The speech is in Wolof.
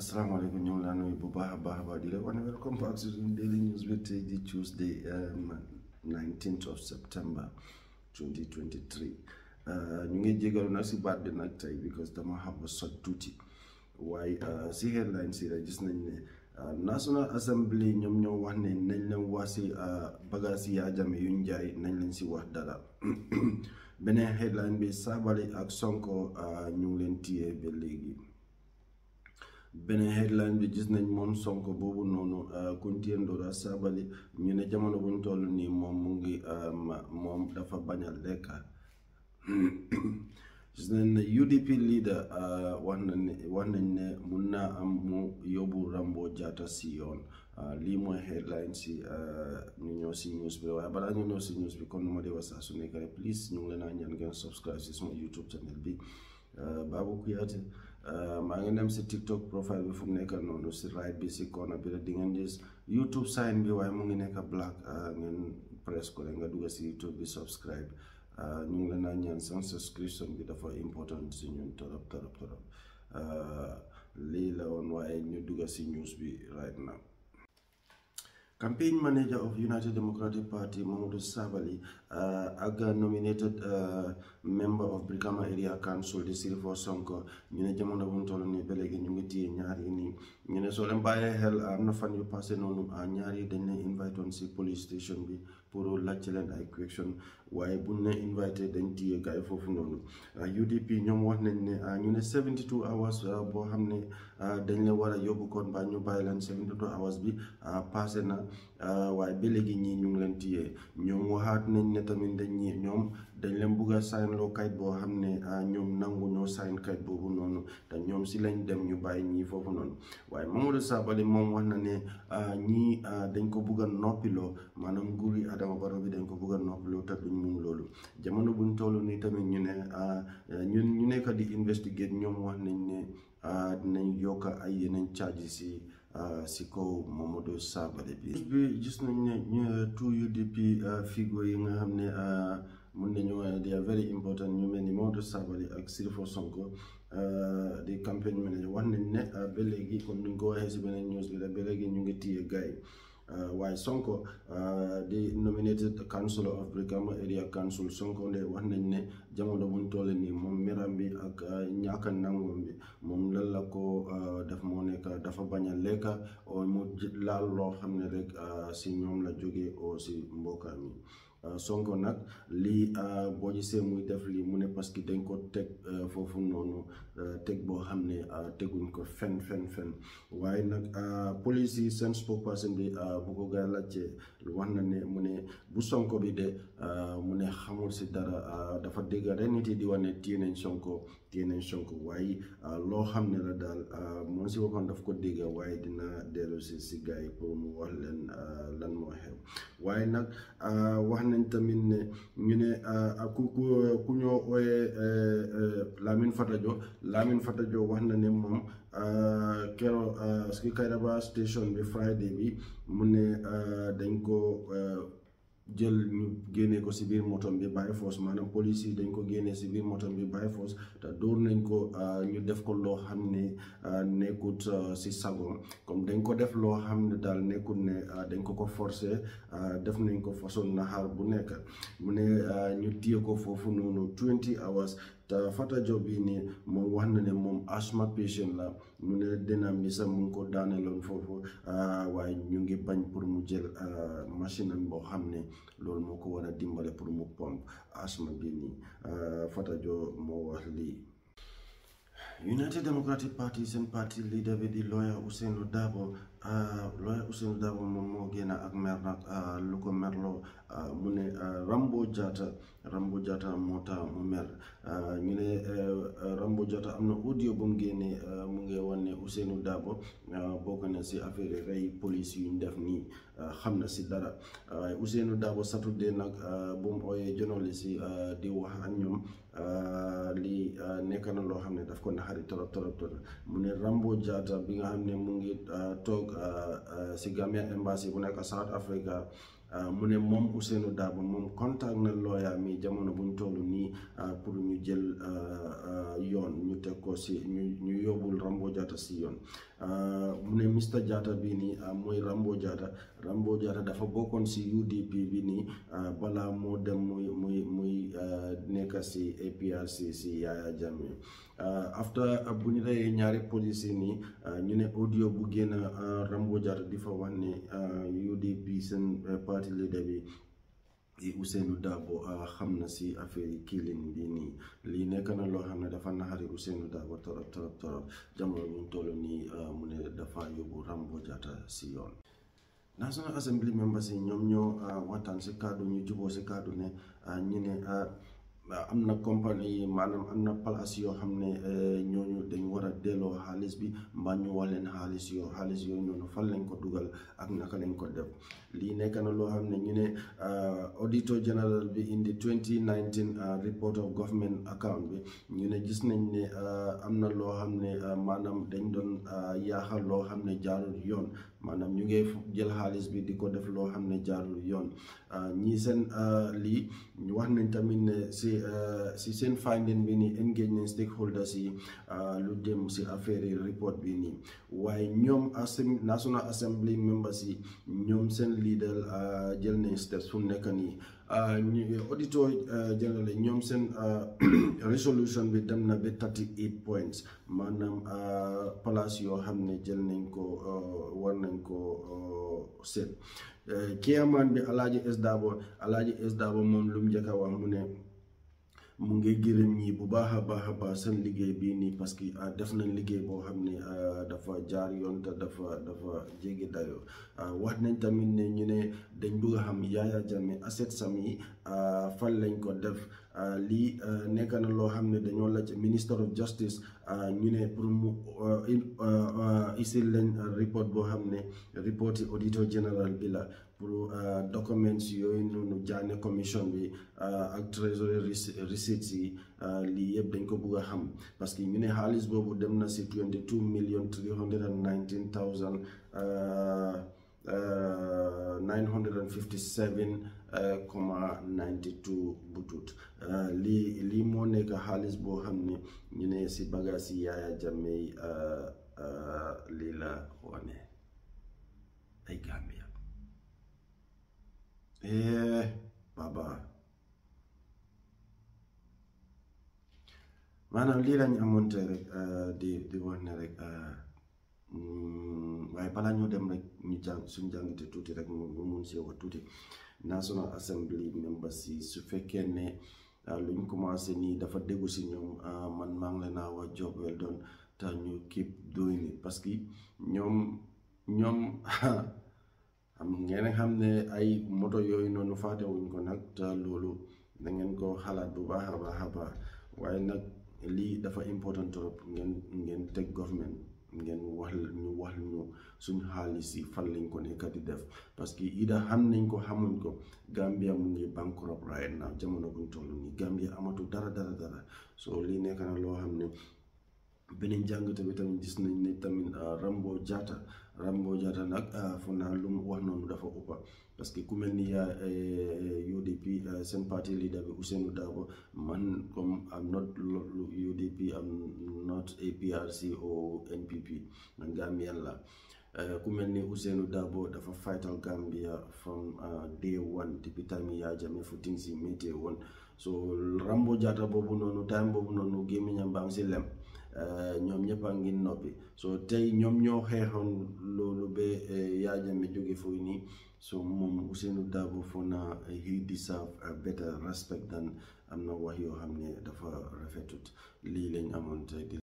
asalaamaaleykum ñu ngi laa nuyu bu baax a baax a baax di la wane welcome back to daily news bi tey di Tuesday 19th um, of September 2023 uh, ñu ngi jégalu nag si baat bi nag tey because dama xaw a sot tuuti waaye uh, si headline si rek gis nañ ne uh, National Assembly ñoom ñoo wax ne nañ leen wax si bagaas yi Yahya Jammeh yuñ jaay nañ leen si wax dara beneen headline bi Sabally ak Sonko ñu ngi leen téye ba léegi. beneen headline bi gis nañ moom Sonko boobu noonu euh, Koutiéndouga Sabaly ñu ne jamono buñ toll nii moom mu ngi euh, moom dafa bañ a lekk gis nañ ne UDP leader euh, wax nañ ne wax nañ ne mun naa am mu yóbbu Rambo Jatta si yoon lii mooy headline si ñu ñëw si news bi waaye balaa ñu ñëw si news bi comme nu ma di wax saa su nekk rek please ñu ngi leen a ñaan ngeen subscribe si suma YouTube channel bi Babou Kuyaate Euh, maa ngi dem si TikTok profile bi fu mu nekk noonu si right bi si corner bi rek di ngeen gis YouTube sign bi waaye mu ngi nekk black euh, ngeen press ko rek nga dugg si YouTube bi subscribe euh, ñu ngi leen a ñaan seen subscription bi dafa important si ñun torop torop torop lii la woon waaye ñu dugg si news bi right now campaign manager of United Democratic Party Mamadou Sabally Uh, ak nominated uh, member of Brikama Area Council di Sirifo Sonko ñu ne jamono bu mu toll nii ba léegi ñu ngi téye ñaari nii ñu ne soo leen bàyyee xel uh, am na fan yu passé noonu ñaari dañ leen invite woon si police station bi pour laajte leen ay question waaye buñ ne invité dañ téye gars yi foofu noonu UDP ñoom wax nañ ne ñu ne 72 hours boo xam ne dañ leen war a yóbbu kon ba ñu bàyyi leen 72 hours bi passé na waaye ba léegi ñii ñu ngi leen téye ne tamit dañ ñi ñoom dañ leen bugg a sign kayit boo xam ne ah, ñoom nangu ñoo sign kayit boobu noonu te ñoom si lañ dem ñu bàyyi ñii foofu noonu waaye Momodou Sabally moom wax na ne ah, ñii ah, dañ ko bugg a noppiloo maanaam nguuri Adama Barrow dañ ko bugg noppiloo te duñ mun loolu jamono buñ toll nii tamit ñu ne ñun ñu nekk di investigate ñoom wax nañ ne dinañ yokk ay yeneen charges yi Euh, si kaw Mamadou Sabally bi bi gis nañ ne ñu euh, tout UDP euh, figo yi nga xam ne mun nañu they are very important ñu mel ni Mamadou Sabally ak Sirifo Sonko di campagne manager wax nañ ne ba léegi comme ni nga ko waxee si beneen news bi la ba léegi ñu ngi téye gars yi Eh, way sonko di eh, nominated councillor of brigam area council sonko nde wannañ ne jamono mum tole ni mom mirambi ak eh, ñaka nangombi mom lalla ko daf mo nekk dafa baña leka o mu laal loo xam ne rek si ñoom la jóge o si mbokkaami Euh, Sonko nag lii euh, boo gisee muy def lii mu ne parce que dañ ko teg euh, foofu noonu teg boo xam ne teguñ ko fen fen fen waaye nag police yi seen spokesperson bi bu ko gaa laajte wax na ne mu ne bu Sonko bi de mu ne xamul si dara dafa dégg rek nit yi di wax ne téye nañ Sonko téye nañ Sonko waaye loo xam ne la daal moom si boppam daf ko dégg waaye dina dellusi si si gars yi pour mu wax leen lan moo xew waaye nag wax nañ tamit ne ñu ne ah, ku ku ku ñoo ooyee Lamin Fatajo Lamin Fatajo wax na ne moom ah, keroog ah, si Kairaba station bi Friday bi mu ne dañ ko eh, jël ñu génnee ko si biir motom bi by force maanaam police yi dañ ko génnee si biir motom bi by force te dóor nañ ko euh, ñu def ko loo xam ne euh, nekkut si euh, sagoom comme dañ ko def loo xam ne daal nekkut ne dañ ko ko forcer def nañ ko façon naxaar bu nekk mu ne ñu téye ko foofu noonu 20 hours Fata Diop bii nii moom wax na ne moom asthma patient la mu ne denam li sax mu ngi ko daaneeloon foofu ah, waaye ñu ngi bañ pour mu jël ah, machine am boo xam ne loolu moo ko war a dimbale pour mu pompe asthma bii nii ah, Fata Diop moo wax lii. United Democratic Party seen parti leader bi di lawyer Ousainou Darboe ah, lawyer Ousainou Darboe moom moo a ak mer nag ah, lu ko merloo ah, mu ne Rambo Jatta Rambo Jatta moo tax mu mer ñu ne eh, Rambo Jatta am na audio bu mu génnee mu ngi wane Ousainou Darboe bokk na si affaire rey police yu ñu def nii. xam na si dara waaye Ousseynou Dabo Saturday nag euh, bu mu ooyee journaliste yi euh, di wax ak ñoom euh, lii nekk na loo xam ne daf ko naxari torop torop torop mu ne Rambo Jatta bi nga xam ne mu ngi toog si a embassy bu nekk South Africa mu ne moom Ousseynou Dabo moom contact na lawyer mi jamono buñ toll pour ñu jël yoon ñu teg ko si ñu yóbbul rambo jaata si yoon mu ne mista jaata bii nii mooy rambo jaata rambo jaata dafa bokkoon si udp bi nii bala moo dem muy muy muy nekk si aprc si yaaya jame after bu ñu reyee ñaari polici nii ñu ne audio bu génn rambo jaata di fa wan ne udp seen eh, parti leader bi u Ousseynou Dabo euh, xam na si affaire yi killing bi nii lii nekk na loo xam ne dafa naxari Ousseynou Dabo torop torop torop jamono ñu toll nii euh, mu ne dafa yóbbu Rambo si yoon. National Assembly members yi ñoom ñoo euh, waxtaan si kàddu ñu juboo si kàddu ne ñu ne. am na compagnie maanaam am na place yoo xam ne eh, ñooñu dañ war a delloo xaalis bi mbaa ñu wax leen xaalis yoo xaalis yooyu noonu fan lañ ko dugal ak naka lañ ko def lii nekk na loo xam ne ñu ne eh, auditor general bi indi 2019 eh, report of government account bi ñu ne gis nañ ne am na loo xam ne maanaam dañ doon yaaxal loo xam ne jaar yoon maanaam ñu ngi jël xaalis bi di ko def loo xam ne jaarul yoon ah, ñii seen ah, lii ñu wax nañ tamit ne si ah, si seen finding bi nii engage nañ stakeholders yi lu dem si affaire yi report bi nii waaye ñoom National Assembly members yi ñoom seen leader jël nañ steps su nekk nii ñu auditor jëlale ñoom seen resolution bi dem na ba 38 points maanaam euh, place yoo xam ne jël nañ ko euh, war nañ ko euh, seet keemaan bi alaaji es daabo alaaji es daabo moom lu mu njëkk a wax mu ne mu ngi gërëm ñi bu baax a baax a baax seen liggéey bii nii parce que ah, def nañ liggéey boo xam ne ah, dafa jaar yoon te dafa dafa jéggi dayoo ah, wax nañ tamit ne ñu ne dañ bëgg a xam Yaya Jammeh asset sam yi fan lañ ko def lii nekk na loo xam ne dañoo laaj minister of justice ñu ne pour mu isil lañ report boo xam ne report auditor général bi la pour uh, documents yooyu noonu jaane commission bi ak treasury receipts yi lii yëpp dañ ko bugg a xam parce que ñu ne xaalis boobu dem na si 22 million 319 thousand 957 uh, uh, comma 92 butut lii lii moo nekk xaalis boo xam ne ñu ne si bagaas yi Yaya Jammeh lii la wane ay Gambie É, eh, babaa maanaam lii lañ amoonte rek eh, di di wax ne rek eh, mm, waaye balaa ñoo dem rek ñu jàng suñ jàngite tuuti rek mu mun si wax tuuti National Assembly members si su fekkee ne luñ commencé nii dafa déggu si ñoom man maa ngi leen a wax job well done te ñu keep doing parce que ñoom ñoom am ngeen xam ne ay moto yooyu noonu faatewuñ ko nag te loolu na ngeen ko xalaat bu baax a baax a baax waaye nag lii dafa important trop ngeen ngeen teg government ngeen wax ñu wax ñu suñu xaalis yi fan lañ ko nekk di def parce que ida xam nañ ko xamuñ ko Gambia mu ngi bankrupt right now jamono buñ toll nii Gambia amatu dara dara dara so lii nekk na loo xam ne beneen jàng tamit tamit gis nañ ne tamit euh, Rambo Jatta Rambo Jatta nag euh, foog naa lu mu wax noonu dafa uppa parce que ku mel ni yaa euh, UDP seen parti leader bi Ousseynou Dabo man comme am not UDP am not APRC or NPP man Gambien la ku mel ni Ousseynou Dabo dafa fightal Gambia from day one depuis time yaa jame fu things yi méttee so Rambo Jatta boobu noonu time boobu noonu gémmiñam baa ngi si lem Eh, ñoom ñëpp a ngi noppi so tey ñoom ñoo xeexoon loolu ba eh, Yaya Jammeh jóge foofu nii so moom Ousainou Darboe foog naa eh, he deserve a better respect than am na wax yoo xam ne dafa rafetut lii lañ amoon tey